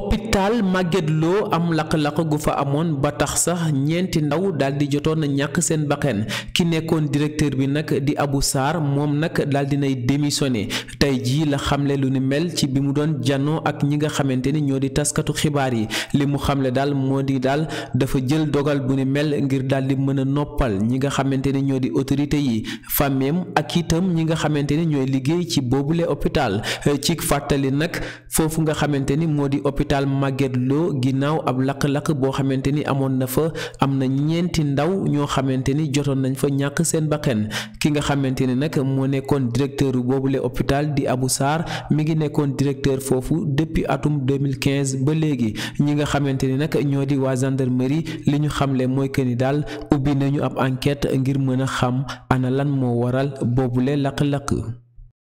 hôpital Magatte Lô am lakk-lakk gu fa amoon ba tax sax ñeenti ndaw daal di jotoon ñàkk seen baqen ki nekkoon directeur bi nag di abu Sarr moom nag daal di nay démissionné tey jii la xamle lu ne mel ci bi mu doon janoo ak ñi nga xamante ne ñoo di taskatu xibaar yi li mu xamle daal moo di daal dafa jël dogal bu ne mel ngir daal di mën a noppal ñi nga xamante ne ñoo di autorité yi famem ak itam ñi nga xamante ne ñooy liggéey ci boobule hôpital ci fàttali daal Magatte Lô ginnaaw ab lakk-lakk boo xamante ni amoon na fa am na ñeenti ndaw ñoo xamante ni jotoon nañ fa ñàkk seen bakkan ki nga xamante ni nag moo nekkoon directeur la hôpital di abu Sarr mi ngi nekkoon directeur foofu depuis atum 2015 ba léegi ñi nga xamante ni nag ñoo di waa gendarmerie li ñu xamle mooy que ni daal ubbi nañu ab enquête ngir mën a xam ana lan moo waral boobu la lakk-lakk